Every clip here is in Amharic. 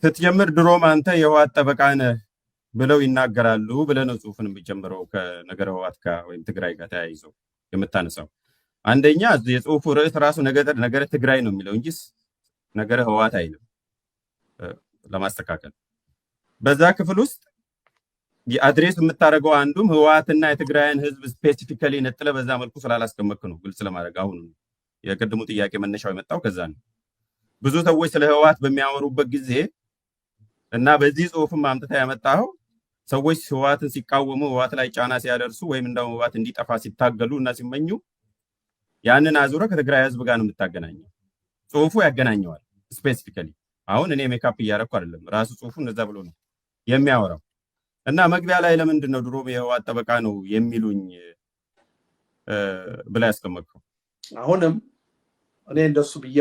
ስትጀምር ድሮም አንተ የህወሓት ጠበቃ ነህ ብለው ይናገራሉ ብለህ ነው ጽሁፍን የሚጀምረው ከነገረ ህወሓት ጋር ወይም ትግራይ ጋር ተያይዘው የምታነሳው። አንደኛ የጽሁፉ ርዕስ ራሱ ነገረ ትግራይ ነው የሚለው እንጂ ነገረ ህወሓት አይልም። ለማስተካከል በዛ ክፍል ውስጥ የአድሬስ የምታደርገው አንዱም ህወሓትና የትግራይን ህዝብ ስፔሲፊካሊ ነጥለ በዛ መልኩ ስላላስቀመክ ነው። ግልጽ ለማድረግ አሁን የቅድሙ ጥያቄ መነሻው የመጣው ከዛ ነው። ብዙ ሰዎች ስለ ህወሓት በሚያወሩበት ጊዜ እና በዚህ ጽሁፍም አምጥታ ያመጣኸው ሰዎች ህወሓትን ሲቃወሙ ህወሓት ላይ ጫና ሲያደርሱ ወይም እንደውም ህወሓት እንዲጠፋ ሲታገሉ እና ሲመኙ ያንን አዙረ ከትግራይ ህዝብ ጋር ነው የምታገናኘው። ጽሁፉ ያገናኘዋል። ስፔሲፊካሊ አሁን እኔ ሜካፕ እያደረኩ አይደለም፣ ራሱ ጽሁፉ እነዛ ብሎ ነው የሚያወራው። እና መግቢያ ላይ ለምንድን ነው ድሮም የህወሓት ጠበቃ ነው የሚሉኝ ብላ ያስቀመጥከው? አሁንም እኔ እንደሱ ብዬ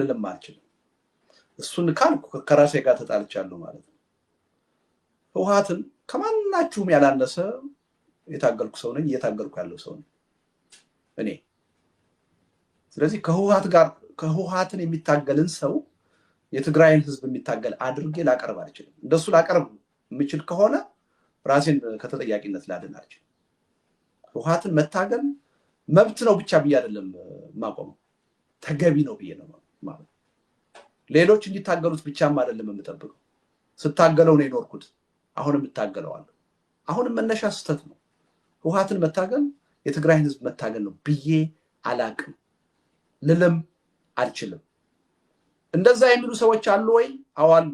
ልልም አልችልም። እሱን ካልኩ ከራሴ ጋር ተጣልቻለሁ ማለት ነው። ህወሓትን ከማናችሁም ያላነሰ የታገልኩ ሰው ነኝ፣ እየታገልኩ ያለው ሰው ነኝ እኔ። ስለዚህ ከህወሓት ጋር ከህወሓትን የሚታገልን ሰው የትግራይን ህዝብ የሚታገል አድርጌ ላቀርብ አልችልም። እንደሱ ላቀርብ የምችል ከሆነ ራሴን ከተጠያቂነት ላድን አልችልም። ህወሓትን መታገል መብት ነው ብቻ ብዬ አይደለም ማቆመው፣ ተገቢ ነው ብዬ ነው ማለት ሌሎች እንዲታገሉት ብቻም አይደለም የምጠብቀው። ስታገለው ነው የኖርኩት፣ አሁንም እታገለዋለሁ። አሁንም መነሻ ስህተት ነው። ውሃትን መታገል የትግራይን ህዝብ መታገል ነው ብዬ አላቅም፣ ልልም አልችልም። እንደዛ የሚሉ ሰዎች አሉ ወይ? አዋሉ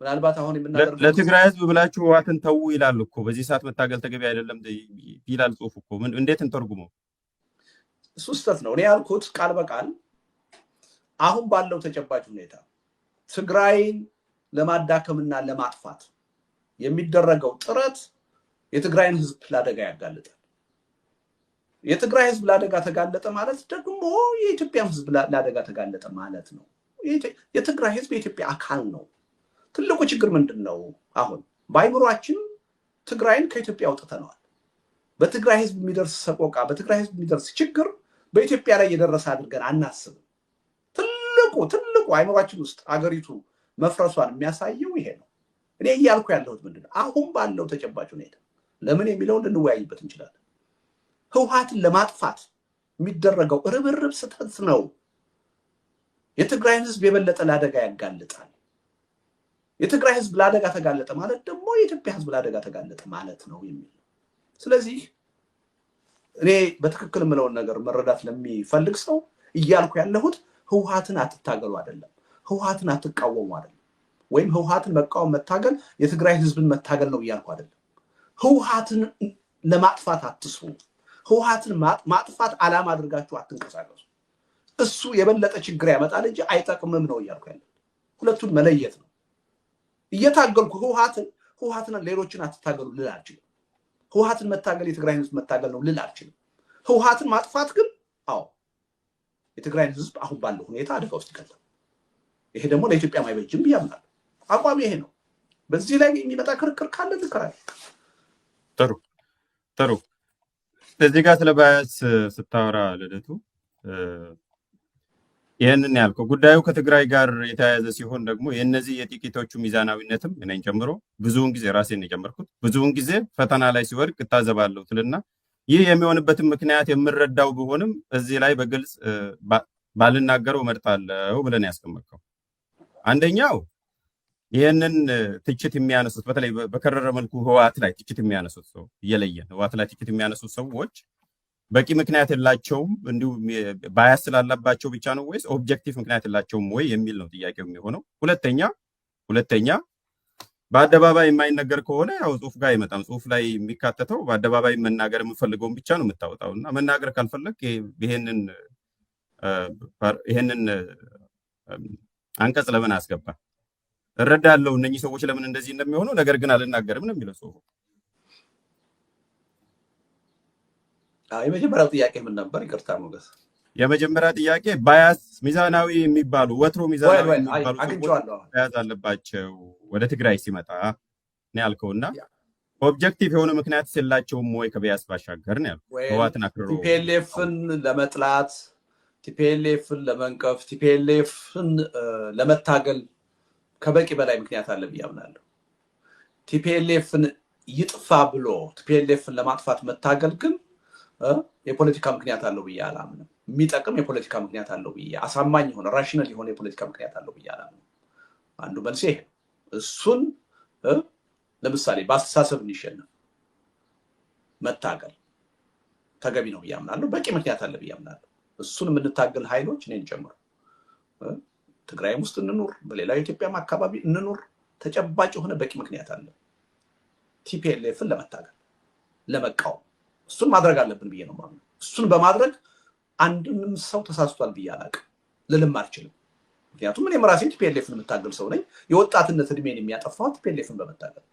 ምናልባት አሁን የምናደርገው ለትግራይ ህዝብ ብላችሁ ህውሀትን ተዉ ይላል እኮ። በዚህ ሰዓት መታገል ተገቢ አይደለም ይላል ጽሁፍ እኮ። እንዴት እንተርጉመው? እሱ ስህተት ነው። እኔ ያልኩት ቃል በቃል አሁን ባለው ተጨባጭ ሁኔታ ትግራይን ለማዳከምና ለማጥፋት የሚደረገው ጥረት የትግራይን ህዝብ ለአደጋ ያጋልጣል። የትግራይ ህዝብ ለአደጋ ተጋለጠ ማለት ደግሞ የኢትዮጵያን ህዝብ ለአደጋ ተጋለጠ ማለት ነው። የትግራይ ህዝብ የኢትዮጵያ አካል ነው። ትልቁ ችግር ምንድን ነው? አሁን በአይምሯችን ትግራይን ከኢትዮጵያ አውጥተነዋል። በትግራይ ህዝብ የሚደርስ ሰቆቃ፣ በትግራይ ህዝብ የሚደርስ ችግር በኢትዮጵያ ላይ የደረሰ አድርገን አናስብም። ትልቁ አይምሯችን ውስጥ አገሪቱ መፍረሷን የሚያሳየው ይሄ ነው። እኔ እያልኩ ያለሁት ምንድነው አሁን ባለው ተጨባጭ ሁኔታ ለምን የሚለውን ልንወያይበት እንችላለን። ህውሀትን ለማጥፋት የሚደረገው ርብርብ ስህተት ነው። የትግራይን ህዝብ የበለጠ ለአደጋ ያጋልጣል። የትግራይ ህዝብ ለአደጋ ተጋለጠ ማለት ደግሞ የኢትዮጵያ ህዝብ ለአደጋ ተጋለጠ ማለት ነው የሚል ስለዚህ እኔ በትክክል የምለውን ነገር መረዳት ለሚፈልግ ሰው እያልኩ ያለሁት ህውሀትን አትታገሉ አይደለም፣ ህውሀትን አትቃወሙ አይደለም፣ ወይም ህውሀትን መቃወም መታገል የትግራይ ህዝብን መታገል ነው እያልኩ አይደለም። ህውሀትን ለማጥፋት አትስሩ። ህውሀትን ማጥፋት አላማ አድርጋችሁ አትንቀሳቀሱ። እሱ የበለጠ ችግር ያመጣል እንጂ አይጠቅምም ነው እያልኩ ያለ። ሁለቱን መለየት ነው እየታገልኩ ህውሀትን ህውሀትን ሌሎችን አትታገሉ ልል አልችልም። ህውሀትን መታገል የትግራይ ህዝብ መታገል ነው ልል አልችልም። ህውሀትን ማጥፋት ግን አዎ የትግራይን ህዝብ አሁን ባለው ሁኔታ አደጋ ውስጥ ይከታል። ይሄ ደግሞ ለኢትዮጵያ ማይበጅም ብያምናል። አቋም ይሄ ነው። በዚህ ላይ የሚመጣ ክርክር ካለ ንከራል። ጥሩ ጥሩ። እዚህ ጋር ስለ ባያስ ስታወራ ልደቱ ይህንን ያልከው ጉዳዩ ከትግራይ ጋር የተያያዘ ሲሆን ደግሞ የእነዚህ የጥቂቶቹ ሚዛናዊነትም እኔን ጨምሮ ብዙውን ጊዜ ራሴን የጨመርኩት ብዙውን ጊዜ ፈተና ላይ ሲወድቅ እታዘባለሁ ትልና ይህ የሚሆንበትን ምክንያት የምረዳው ቢሆንም እዚህ ላይ በግልጽ ባልናገረው መርጣለው ብለን ያስቀመጥከው አንደኛው ይህንን ትችት የሚያነሱት በተለይ በከረረ መልኩ ህወሓት ላይ ትችት የሚያነሱት ሰው እየለየን ህወሓት ላይ ትችት የሚያነሱት ሰዎች በቂ ምክንያት የላቸውም እንዲሁም ባያስ ስላላባቸው ብቻ ነው ወይስ ኦብጀክቲቭ ምክንያት የላቸውም ወይ የሚል ነው ጥያቄው የሚሆነው። ሁለተኛ ሁለተኛ በአደባባይ የማይነገር ከሆነ ያው ጽሁፍ ጋር አይመጣም። ጽሁፍ ላይ የሚካተተው በአደባባይ መናገር የምፈልገውን ብቻ ነው የምታወጣው እና መናገር ካልፈለግ ይሄንን አንቀጽ ለምን አስገባ? እረዳለሁ እነኚህ ሰዎች ለምን እንደዚህ እንደሚሆኑ፣ ነገር ግን አልናገርም ነው የሚለው ጽሁፉ። የመጀመሪያው ጥያቄ ምን ነበር? ይቅርታ ሞገስ፣ የመጀመሪያ ጥያቄ ባያስ ሚዛናዊ የሚባሉ ወትሮ ሚዛናዊ የሚባሉ ሰዎች ባያዝ አለባቸው ወደ ትግራይ ሲመጣ ነው ያልከው እና ኦብጀክቲቭ የሆነ ምክንያት ስላቸውም ወይ ከቢያስ ባሻገር ነው ያልከው ህዋትን አክርሮ ቲፒኤልኤፍን ለመጥላት ቲፒኤልኤፍን ለመንቀፍ ቲፒኤልኤፍን ለመታገል ከበቂ በላይ ምክንያት አለ ብዬ አምናለሁ። ቲፒኤልኤፍን ይጥፋ ብሎ ቲፒኤልኤፍን ለማጥፋት መታገል ግን የፖለቲካ ምክንያት አለው ብዬ አላምንም። የሚጠቅም የፖለቲካ ምክንያት አለው ብዬ አሳማኝ የሆነ ራሽናል የሆነ የፖለቲካ ምክንያት አለው ብዬ አላምንም። አንዱ መልስ ይሄ እሱን ለምሳሌ በአስተሳሰብ እንዲሸነፍ መታገል ተገቢ ነው ብዬ አምናለሁ። በቂ ምክንያት አለ ብዬ አምናለሁ። እሱን የምንታገል ኃይሎች እኔን ጨምሮ ትግራይም ውስጥ እንኑር፣ በሌላው የኢትዮጵያም አካባቢ እንኑር፣ ተጨባጭ የሆነ በቂ ምክንያት አለ ቲፒኤልኤፍን ለመታገል ለመቃወም። እሱን ማድረግ አለብን ብዬ ነው ማምነው። እሱን በማድረግ አንድንም ሰው ተሳስቷል ብዬ አላውቅም፣ ልልም አልችልም። ምክንያቱም እኔም ራሴ ቲፒኤልኤፍን የምታገል ሰው ነኝ። የወጣትነት እድሜን የሚያጠፋው ቲፒኤልኤፍን በመታገል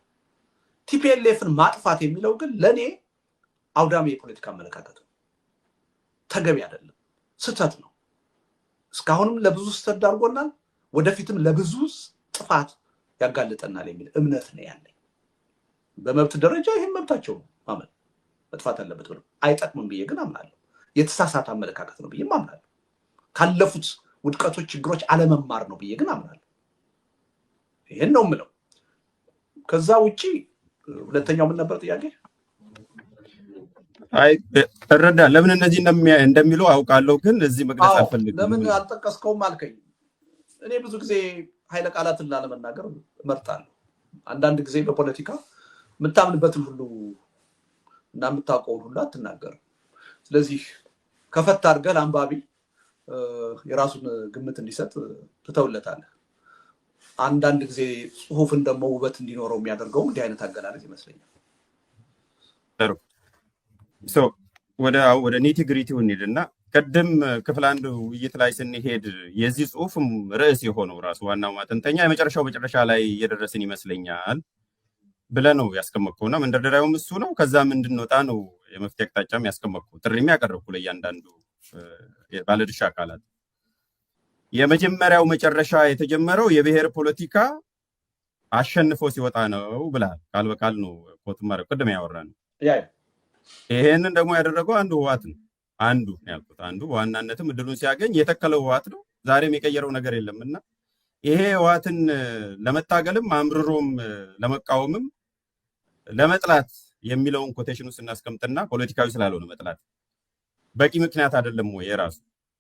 ቲፒኤልኤፍን ማጥፋት የሚለው ግን ለእኔ አውዳሚ የፖለቲካ አመለካከት ነው። ተገቢ አይደለም፣ ስህተት ነው። እስካሁንም ለብዙ ስህተት ዳርጎናል፣ ወደፊትም ለብዙ ጥፋት ያጋልጠናል የሚል እምነት ነው ያለኝ። በመብት ደረጃ ይህን መብታቸው ነው ማመን መጥፋት አለበት ብሎ አይጠቅምም ብዬ ግን አምናለሁ። የተሳሳተ አመለካከት ነው ብዬም አምናለሁ ካለፉት ውድቀቶች፣ ችግሮች አለመማር ነው ብዬ ግን አምናለሁ። ይህን ነው የምለው። ከዛ ውጪ ሁለተኛው ምን ነበር ጥያቄ? አይ እረዳ ለምን እነዚህ እንደሚሉ አውቃለሁ፣ ግን እዚህ መግለጽ አልፈልግም። ለምን አልጠቀስከውም አልከኝ። እኔ ብዙ ጊዜ ኃይለ ቃላትን ላለመናገር እመርጣለሁ። አንዳንድ ጊዜ በፖለቲካ የምታምንበትን ሁሉ እና የምታውቀውን ሁሉ አትናገርም። ስለዚህ ከፈት አድርገህ ለአንባቢ የራሱን ግምት እንዲሰጥ ትተውለታለህ። አንዳንድ ጊዜ ጽሁፍን ደግሞ ውበት እንዲኖረው የሚያደርገው እንዲህ አይነት አገላለጽ ይመስለኛል። ወደ ወደ ወደ ኔቲግሪቲው እና ቅድም ክፍል አንድ ውይይት ላይ ስንሄድ የዚህ ጽሁፍም ርዕስ የሆነው ራሱ ዋናው ማጠንጠኛ የመጨረሻው መጨረሻ ላይ እየደረስን ይመስለኛል ብለህ ነው ያስቀመጥከውና መንደርደሪያውም እሱ ነው። ከዛ ምንድንወጣ ነው የመፍትሄ አቅጣጫም ያስቀመጥኩ ጥሪም ያቀረብኩ ለእያንዳንዱ ባለድርሻ አካላት የመጀመሪያው መጨረሻ የተጀመረው የብሔር ፖለቲካ አሸንፎ ሲወጣ ነው ብላል። ቃል በቃል ነው ኮት ቅድም ያወራ ነው። ይሄንን ደግሞ ያደረገው አንዱ ህዋት ነው አንዱ ያልኩት አንዱ በዋናነትም እድሉን ሲያገኝ የተከለው ህዋት ነው። ዛሬም የቀየረው ነገር የለም እና ይሄ ህዋትን ለመታገልም አምርሮም ለመቃወምም ለመጥላት የሚለውን ኮቴሽኑ ስናስቀምጥና ፖለቲካዊ ስላልሆነ መጥላት በቂ ምክንያት አይደለም ወይ? የራሱ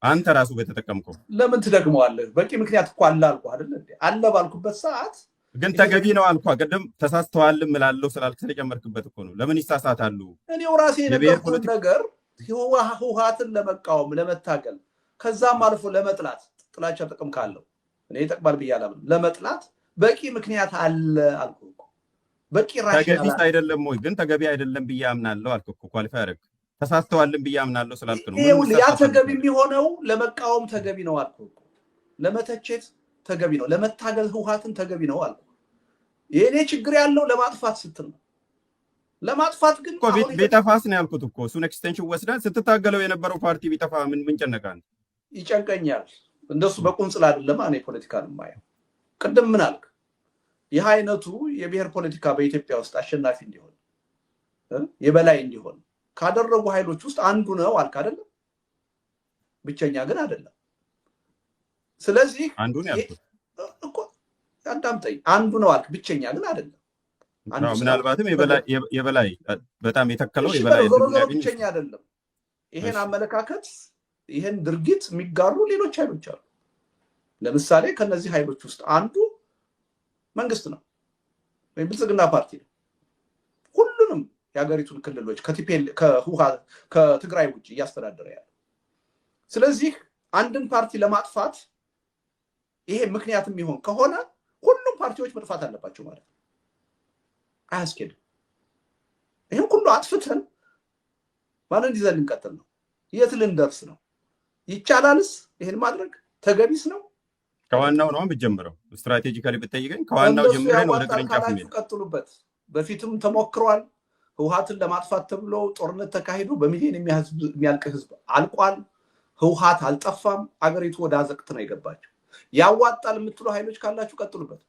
አንተ ራሱ በተጠቀምከው ለምን ትደግመዋለህ? በቂ ምክንያት እኮ አለ አልኩ አይደለ? አለ ባልኩበት ሰዓት ግን ተገቢ ነው አልኳ። ቅድም ተሳስተዋል ምላለው ስላልክ ስለጨመርክበት እኮ ነው። ለምን ይሳሳታሉ? እኔው ራሴ የነገርኩት ነገር ህወሓትን ለመቃወም ለመታገል፣ ከዛም አልፎ ለመጥላት ጥላቻ ጥቅም ካለው እኔ ይጠቅማል ብዬ ለመጥላት በቂ ምክንያት አለ አልኩ እኮ በቂ ተገቢስ አይደለም ወይ ግን ተገቢ አይደለም ብዬ አምናለሁ አልክ እኮ ኳሊፋይ አደረግ ተሳስተዋልን ብዬ አምናለሁ ስላልክ ነው ያ ተገቢ የሚሆነው ለመቃወም ተገቢ ነው አልኩ ለመተቸት ተገቢ ነው ለመታገል ህውሀትን ተገቢ ነው አልኩ የእኔ ችግር ያለው ለማጥፋት ስትል ነው ለማጥፋት ግን ቢጠፋስ ነው ያልኩት እኮ እሱን ኤክስቴንሽን ወስደን ስትታገለው የነበረው ፓርቲ ቤተፋ ምን ምንጨነቃል ይጨንቀኛል እንደሱ በቁንጽል አይደለም እኔ ፖለቲካን የማየው ቅድም ምን አልክ ይህ አይነቱ የብሔር ፖለቲካ በኢትዮጵያ ውስጥ አሸናፊ እንዲሆን የበላይ እንዲሆን ካደረጉ ኃይሎች ውስጥ አንዱ ነው አልክ አይደለም? ብቸኛ ግን አይደለም። ስለዚህ አዳምጠኝ፣ አንዱ ነው አልክ፣ ብቸኛ ግን አይደለም። ምናልባትም የበላይ በጣም የተከለው የበላይ ብቸኛ አይደለም። ይሄን አመለካከት ይሄን ድርጊት የሚጋሩ ሌሎች ኃይሎች አሉ። ለምሳሌ ከነዚህ ኃይሎች ውስጥ አንዱ መንግስት ነው ወይም ብልጽግና ፓርቲ ነው። ሁሉንም የሀገሪቱን ክልሎች ከትግራይ ውጭ እያስተዳደረ ያለ። ስለዚህ አንድን ፓርቲ ለማጥፋት ይሄ ምክንያት የሚሆን ከሆነ ሁሉም ፓርቲዎች መጥፋት አለባቸው ማለት ነው። አያስኬድም። ይህም ሁሉ አጥፍተን ማንን ይዘን ልንቀጥል ነው? የት ልንደርስ ነው? ይቻላልስ? ይህን ማድረግ ተገቢስ ነው? ከዋናው ነው የምጀምረው። ስትራቴጂካሊ ብትጠይቀኝ ከዋናው ጀምረን ወደ ቅርንጫፍ ቀጥሉበት። በፊትም ተሞክሯል። ህውሀትን ለማጥፋት ተብሎ ጦርነት ተካሂዶ በሚሊዮን የሚያልቅ ህዝብ አልቋል። ህውሀት አልጠፋም። አገሪቱ ወደ አዘቅት ነው የገባቸው። ያዋጣል የምትሉ ሀይሎች ካላችሁ ቀጥሉበት።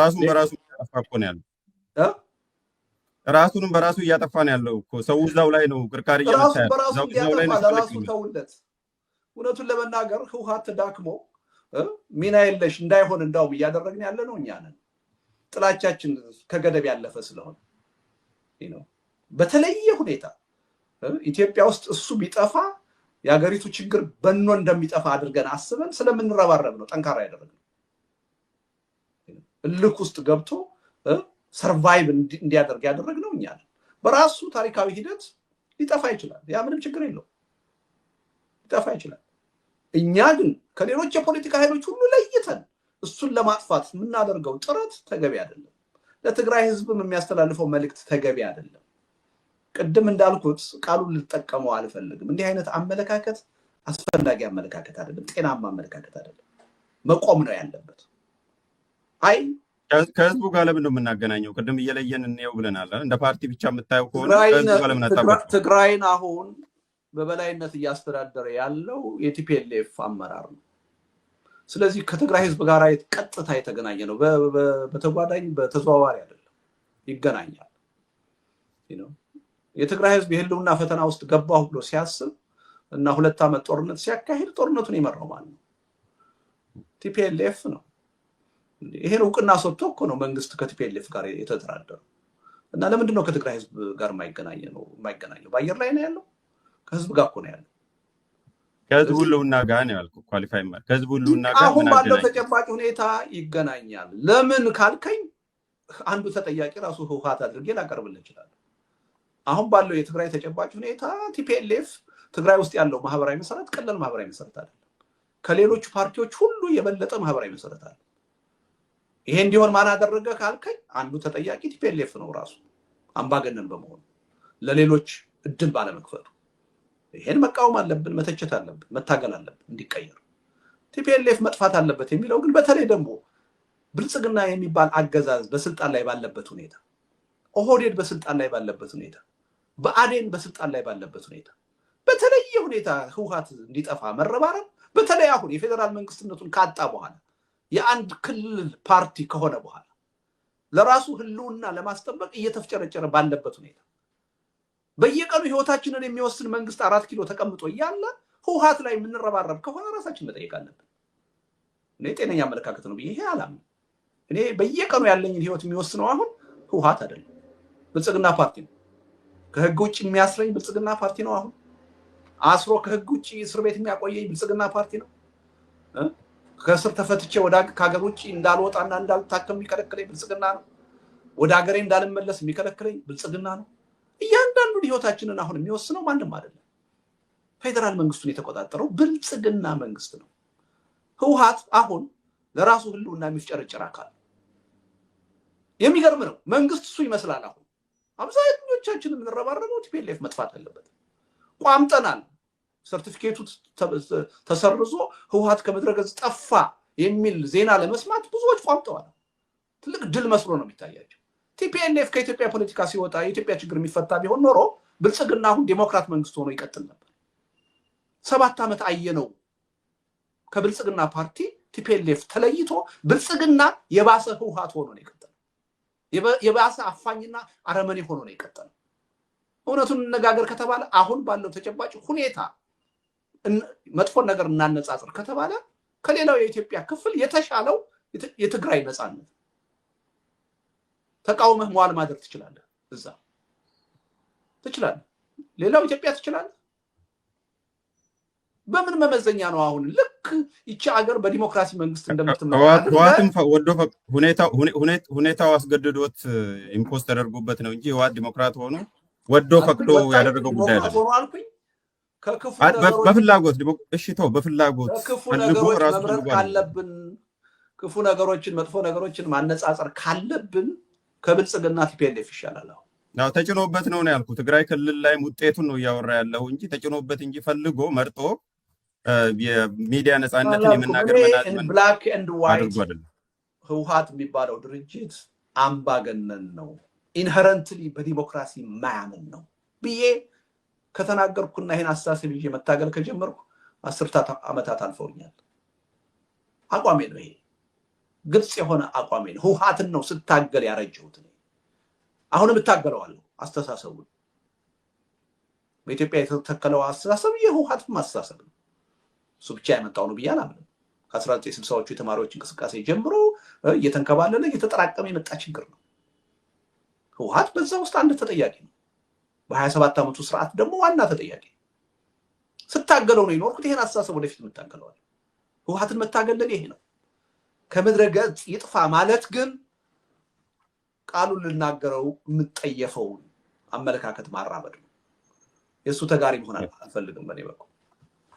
ራሱን በራሱ እያጠፋ እኮ ነው ያለው። ራሱንም በራሱ እያጠፋ ነው ያለው እኮ ሰው እዛው ላይ ነው ቅርቃር እያመታ ያለው። እውነቱን ለመናገር ህውሀት ተዳክመው ሚና የለሽ እንዳይሆን እንዳውም እያደረግን ያለ ነው እኛ ነን። ጥላቻችን ከገደብ ያለፈ ስለሆነ ነው። በተለየ ሁኔታ ኢትዮጵያ ውስጥ እሱ ቢጠፋ የሀገሪቱ ችግር በኖ እንደሚጠፋ አድርገን አስበን ስለምንረባረብ ነው ጠንካራ ያደረግነው። እልክ ውስጥ ገብቶ ሰርቫይቭ እንዲያደርግ ያደረግነው እኛ ነን። በራሱ ታሪካዊ ሂደት ሊጠፋ ይችላል። ያ ምንም ችግር የለው፣ ሊጠፋ ይችላል። እኛ ግን ከሌሎች የፖለቲካ ኃይሎች ሁሉ ለይተን እሱን ለማጥፋት የምናደርገው ጥረት ተገቢ አይደለም። ለትግራይ ህዝብም የሚያስተላልፈው መልእክት ተገቢ አይደለም። ቅድም እንዳልኩት ቃሉን ልጠቀመው አልፈልግም። እንዲህ አይነት አመለካከት አስፈላጊ አመለካከት አይደለም፣ ጤናማ አመለካከት አይደለም። መቆም ነው ያለበት። አይ ከህዝቡ ጋር ለምን ነው የምናገናኘው? ቅድም እየለየን እንየው ብለናል። እንደ ፓርቲ ብቻ የምታየው ከሆነ ትግራይን አሁን በበላይነት እያስተዳደረ ያለው የቲፒኤልኤፍ አመራር ነው። ስለዚህ ከትግራይ ህዝብ ጋር ቀጥታ የተገናኘ ነው። በተጓዳኝ በተዘዋዋሪ አይደለም፣ ይገናኛል። የትግራይ ህዝብ የህልውና ፈተና ውስጥ ገባሁ ብሎ ሲያስብ እና ሁለት ዓመት ጦርነት ሲያካሂድ ጦርነቱን የመራው ማን ነው? ቲፒኤልኤፍ ነው። ይሄን እውቅና ሰጥቶ እኮ ነው መንግስት ከቲፒኤልኤፍ ጋር የተደራደረው። እና ለምንድን ነው ከትግራይ ህዝብ ጋር የማይገናኘው? በአየር ላይ ነው ያለው ከህዝብ ጋር እኮ ነው ያለው። ከህዝብ ሁሉና ጋር ነው ያልኩ ኳሊፋይ ከህዝብ ሁሉና ጋር አሁን ባለው ተጨባጭ ሁኔታ ይገናኛል። ለምን ካልከኝ አንዱ ተጠያቂ ራሱ ህውሀት አድርጌ ላቀርብልህ ይችላል አሁን ባለው የትግራይ ተጨባጭ ሁኔታ ቲፒኤልኤፍ ትግራይ ውስጥ ያለው ማህበራዊ መሰረት ቀላል ማህበራዊ መሰረት አይደለም። ከሌሎቹ ፓርቲዎች ሁሉ የበለጠ ማህበራዊ መሰረት አለ። ይሄ እንዲሆን ማን አደረገ ካልከኝ አንዱ ተጠያቂ ቲፒኤልኤፍ ነው ራሱ አምባገነን በመሆኑ ለሌሎች እድል ባለመክፈቱ ይሄን መቃወም አለብን፣ መተቸት አለብን፣ መታገል አለብን እንዲቀየር። ቲፒኤልኤፍ መጥፋት አለበት የሚለው ግን በተለይ ደግሞ ብልጽግና የሚባል አገዛዝ በስልጣን ላይ ባለበት ሁኔታ፣ ኦህዴድ በስልጣን ላይ ባለበት ሁኔታ፣ በአዴን በስልጣን ላይ ባለበት ሁኔታ በተለየ ሁኔታ ህውሀት እንዲጠፋ መረባረብ በተለይ አሁን የፌዴራል መንግስትነቱን ካጣ በኋላ የአንድ ክልል ፓርቲ ከሆነ በኋላ ለራሱ ህልውና ለማስጠበቅ እየተፍጨረጨረ ባለበት ሁኔታ በየቀኑ ህይወታችንን የሚወስን መንግስት አራት ኪሎ ተቀምጦ እያለ ህውሀት ላይ የምንረባረብ ከሆነ ራሳችን መጠየቅ አለብን። እኔ ጤነኛ አመለካከት ነው ብዬ ይሄ አላምንም። እኔ በየቀኑ ያለኝን ህይወት የሚወስነው አሁን ህውሀት አይደለም፣ ብልጽግና ፓርቲ ነው። ከህግ ውጭ የሚያስረኝ ብልጽግና ፓርቲ ነው። አሁን አስሮ ከህግ ውጭ እስር ቤት የሚያቆየኝ ብልጽግና ፓርቲ ነው። ከእስር ተፈትቼ ወደ ከሀገር ውጭ እንዳልወጣና እንዳልታከም የሚከለክለኝ ብልጽግና ነው። ወደ ሀገሬ እንዳልመለስ የሚከለክለኝ ብልጽግና ነው። እያንዳንዱን ህይወታችንን አሁን የሚወስነው ማንም አይደለም። ፌዴራል መንግስቱን የተቆጣጠረው ብልጽግና መንግስት ነው። ህውሀት አሁን ለራሱ ህልውና የሚፍጨረጭር አካል የሚገርም ነው። መንግስት እሱ ይመስላል። አሁን አብዛኞቻችን የምንረባረበው ቲፒኤልኤፍ መጥፋት አለበት። ቋምጠናል። ሰርቲፊኬቱ ተሰርዞ ህውሀት ከመድረገዝ ጠፋ የሚል ዜና ለመስማት ብዙዎች ቋምጠዋል። ትልቅ ድል መስሎ ነው የሚታያቸው። ቲፒኤልኤፍ ከኢትዮጵያ ፖለቲካ ሲወጣ የኢትዮጵያ ችግር የሚፈታ ቢሆን ኖሮ ብልጽግና አሁን ዴሞክራት መንግስት ሆኖ ይቀጥል ነበር። ሰባት ዓመት አየነው። ከብልጽግና ፓርቲ ቲፒኤልኤፍ ተለይቶ ብልጽግና የባሰ ህውሃት ሆኖ ነው የቀጠለው። የባሰ አፋኝና አረመኔ ሆኖ ነው የቀጠለው። እውነቱን እነጋገር ከተባለ አሁን ባለው ተጨባጭ ሁኔታ መጥፎን ነገር እናነጻጽር ከተባለ ከሌላው የኢትዮጵያ ክፍል የተሻለው የትግራይ ነፃነት ተቃውመህ መዋል ማድረግ ትችላለህ። እዛ ትችላለህ። ሌላው ኢትዮጵያ ትችላለህ። በምን መመዘኛ ነው አሁን ልክ ይቺ ሀገር በዲሞክራሲ መንግስት እንደምትመዋትም ወዶ ሁኔታው አስገድዶት ኢምፖስ ተደርጎበት ነው እንጂ ህዋት ዲሞክራት ሆኖ ወዶ ፈቅዶ ያደረገው ጉዳይ በፍላጎት እሺ ተው በፍላጎት መምረጥ ካለብን ክፉ ነገሮችን መጥፎ ነገሮችን ማነጻጸር ካለብን ከብልጽግና ቲፒኤልኤፍ ይሻላል። አሁን ያው ተጭኖበት ነው ነው ያልኩ። ትግራይ ክልል ላይም ውጤቱን ነው እያወራ ያለው እንጂ ተጭኖበት እንጂ ፈልጎ መርጦ የሚዲያ ነፃነትን የምናገር ብላክ ኤንድ ዋይት ህውሀት የሚባለው ድርጅት አምባገነን ነው፣ ኢንሄረንትሊ በዲሞክራሲ ማያምን ነው ብዬ ከተናገርኩና ይህን አስተሳሰብ ይዤ መታገል ከጀመርኩ አስርታት ዓመታት አልፈውኛል። አቋሜ ነው ይሄ። ግልጽ የሆነ አቋሜ ነው። ህውሀትን ነው ስታገል ያረጀሁት። አሁንም እታገለዋለሁ። አስተሳሰቡን በኢትዮጵያ የተተከለው አስተሳሰብ የህውሀትም አስተሳሰብ ነው። እሱ ብቻ ያመጣው ነው ብዬ አላምንም። ከአስራ ዘጠኝ ስልሳዎቹ የተማሪዎች እንቅስቃሴ ጀምሮ እየተንከባለለ እየተጠራቀመ የመጣ ችግር ነው። ህውሀት በዛ ውስጥ አንድ ተጠያቂ ነው። በሀያ ሰባት ዓመቱ ስርዓት ደግሞ ዋና ተጠያቂ ስታገለው ነው የኖርኩት። ይሄን አስተሳሰብ ወደፊት የምታገለዋል። ህውሀትን መታገል ይሄ ነው። ከምድረ ገጽ ይጥፋ ማለት ግን ቃሉን ልናገረው የምጠየፈውን አመለካከት ማራመድ ነው። የእሱ ተጋሪ መሆን አልፈልግም በኔ በኩል።